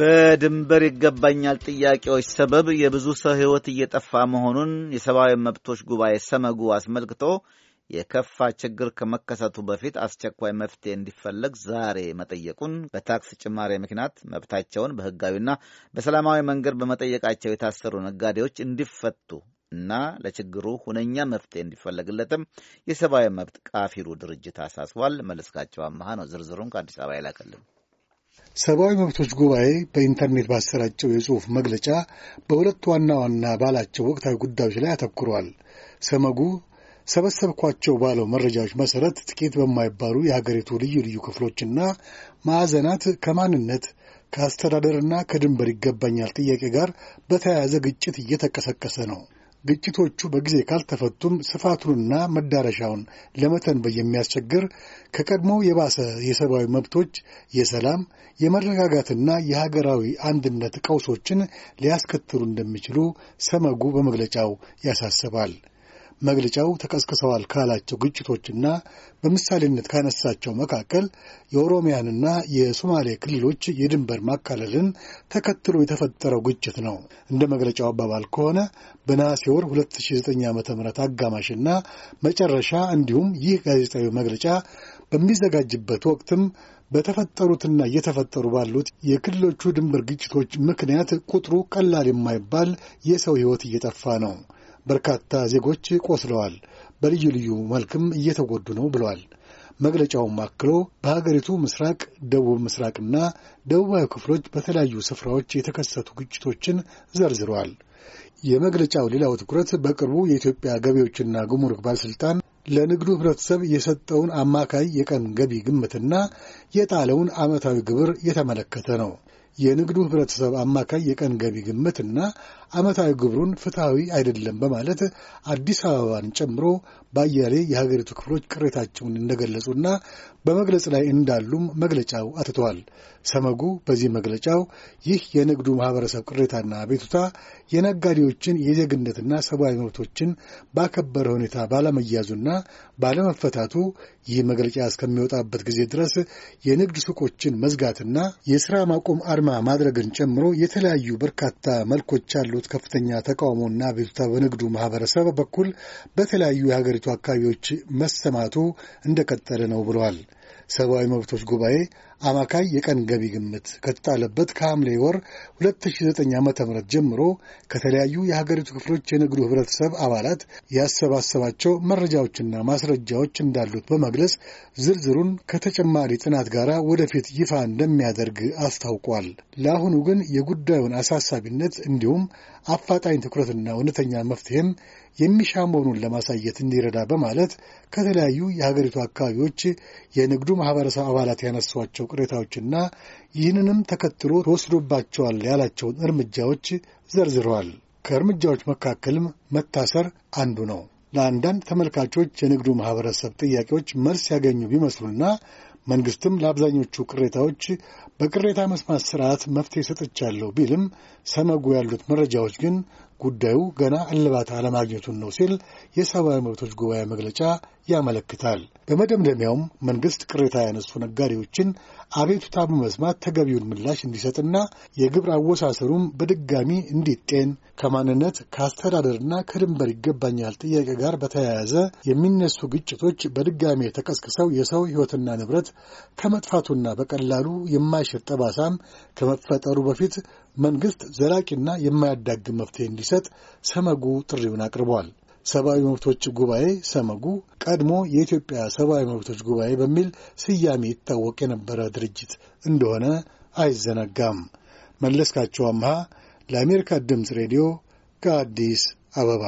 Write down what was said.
በድንበር ይገባኛል ጥያቄዎች ሰበብ የብዙ ሰው ሕይወት እየጠፋ መሆኑን የሰብአዊ መብቶች ጉባኤ ሰመጉ አስመልክቶ የከፋ ችግር ከመከሰቱ በፊት አስቸኳይ መፍትሄ እንዲፈለግ ዛሬ መጠየቁን በታክስ ጭማሪ ምክንያት መብታቸውን በሕጋዊና በሰላማዊ መንገድ በመጠየቃቸው የታሰሩ ነጋዴዎች እንዲፈቱ እና ለችግሩ ሁነኛ መፍትሄ እንዲፈለግለትም የሰብአዊ መብት ቃፊሩ ድርጅት አሳስቧል። መለስካቸው አመሃ ነው ዝርዝሩን ከአዲስ አበባ ይላከልን። ሰብአዊ መብቶች ጉባኤ በኢንተርኔት ባሰራጨው የጽሑፍ መግለጫ በሁለት ዋና ዋና ባላቸው ወቅታዊ ጉዳዮች ላይ አተኩሯል። ሰመጉ ሰበሰብኳቸው ባለው መረጃዎች መሠረት ጥቂት በማይባሉ የሀገሪቱ ልዩ ልዩ ክፍሎችና ማዕዘናት ከማንነት ከአስተዳደርና ከድንበር ይገባኛል ጥያቄ ጋር በተያያዘ ግጭት እየተቀሰቀሰ ነው። ግጭቶቹ በጊዜ ካልተፈቱም ስፋቱንና መዳረሻውን ለመተንበይ የሚያስቸግር ከቀድሞው የባሰ የሰብአዊ መብቶች፣ የሰላም የመረጋጋትና የሀገራዊ አንድነት ቀውሶችን ሊያስከትሉ እንደሚችሉ ሰመጉ በመግለጫው ያሳስባል። መግለጫው ተቀስቅሰዋል ካላቸው ግጭቶችና በምሳሌነት ካነሳቸው መካከል የኦሮሚያንና የሶማሌ ክልሎች የድንበር ማካለልን ተከትሎ የተፈጠረው ግጭት ነው። እንደ መግለጫው አባባል ከሆነ በነሐሴ ወር 2009 ዓ ም አጋማሽና መጨረሻ እንዲሁም ይህ ጋዜጣዊ መግለጫ በሚዘጋጅበት ወቅትም በተፈጠሩትና እየተፈጠሩ ባሉት የክልሎቹ ድንበር ግጭቶች ምክንያት ቁጥሩ ቀላል የማይባል የሰው ሕይወት እየጠፋ ነው። በርካታ ዜጎች ቆስለዋል፣ በልዩ ልዩ መልክም እየተጎዱ ነው ብለዋል። መግለጫውም አክሎ በሀገሪቱ ምስራቅ፣ ደቡብ ምስራቅና ደቡባዊ ክፍሎች በተለያዩ ስፍራዎች የተከሰቱ ግጭቶችን ዘርዝረዋል። የመግለጫው ሌላው ትኩረት በቅርቡ የኢትዮጵያ ገቢዎችና ጉምሩክ ባለሥልጣን ለንግዱ ህብረተሰብ የሰጠውን አማካይ የቀን ገቢ ግምትና የጣለውን ዓመታዊ ግብር የተመለከተ ነው። የንግዱ ህብረተሰብ አማካይ የቀን ገቢ ግምትና ዓመታዊ ግብሩን ፍትሐዊ አይደለም በማለት አዲስ አበባን ጨምሮ በአያሌ የሀገሪቱ ክፍሎች ቅሬታቸውን እንደገለጹና በመግለጽ ላይ እንዳሉም መግለጫው አትተዋል። ሰመጉ በዚህ መግለጫው ይህ የንግዱ ማህበረሰብ ቅሬታና አቤቱታ የነጋዴዎችን የዜግነትና ሰብአዊ መብቶችን ባከበረ ሁኔታ ባለመያዙና ባለመፈታቱ ይህ መግለጫ እስከሚወጣበት ጊዜ ድረስ የንግድ ሱቆችን መዝጋትና የሥራ ማቆም አድማ ማድረግን ጨምሮ የተለያዩ በርካታ መልኮች አሉ ያሉት ከፍተኛ ተቃውሞና አቤቱታ በንግዱ ማህበረሰብ በኩል በተለያዩ የሀገሪቱ አካባቢዎች መሰማቱ እንደቀጠለ ነው ብለዋል። ሰብአዊ መብቶች ጉባኤ አማካይ የቀን ገቢ ግምት ከተጣለበት ከሐምሌ ወር 2009 ዓ ም ጀምሮ ከተለያዩ የሀገሪቱ ክፍሎች የንግዱ ህብረተሰብ አባላት ያሰባሰባቸው መረጃዎችና ማስረጃዎች እንዳሉት በመግለጽ ዝርዝሩን ከተጨማሪ ጥናት ጋር ወደፊት ይፋ እንደሚያደርግ አስታውቋል። ለአሁኑ ግን የጉዳዩን አሳሳቢነት እንዲሁም አፋጣኝ ትኩረትና እውነተኛ መፍትሄም የሚሻ መሆኑን ለማሳየት እንዲረዳ በማለት ከተለያዩ የሀገሪቱ አካባቢዎች የንግዱ ማህበረሰብ አባላት ያነሷቸው ቅሬታዎችና ይህንንም ተከትሎ ተወስዶባቸዋል ያላቸውን እርምጃዎች ዘርዝረዋል። ከእርምጃዎች መካከልም መታሰር አንዱ ነው። ለአንዳንድ ተመልካቾች የንግዱ ማኅበረሰብ ጥያቄዎች መልስ ያገኙ ቢመስሉና መንግሥትም ለአብዛኞቹ ቅሬታዎች በቅሬታ መስማት ሥርዓት መፍትሄ ሰጥቻለሁ ቢልም ሰመጉ ያሉት መረጃዎች ግን ጉዳዩ ገና እልባት አለማግኘቱን ነው ሲል የሰብአዊ መብቶች ጉባኤ መግለጫ ያመለክታል። በመደምደሚያውም መንግሥት ቅሬታ ያነሱ ነጋዴዎችን አቤቱታ በመስማት ተገቢውን ምላሽ እንዲሰጥና የግብር አወሳሰሩም በድጋሚ እንዲጤን ከማንነት ከአስተዳደርና ከድንበር ይገባኛል ጥያቄ ጋር በተያያዘ የሚነሱ ግጭቶች በድጋሚ ተቀስቅሰው የሰው ሕይወትና ንብረት ከመጥፋቱና በቀላሉ የማይሽር ጠባሳም ከመፈጠሩ በፊት መንግሥት ዘላቂና የማያዳግም መፍትሄ እንዲሰጥ ሰመጉ ጥሪውን አቅርቧል። ሰብአዊ መብቶች ጉባኤ ሰመጉ ቀድሞ የኢትዮጵያ ሰብአዊ መብቶች ጉባኤ በሚል ስያሜ ይታወቅ የነበረ ድርጅት እንደሆነ አይዘነጋም። መለስካቸው አምሃ ለአሜሪካ ድምፅ ሬዲዮ ከአዲስ አበባ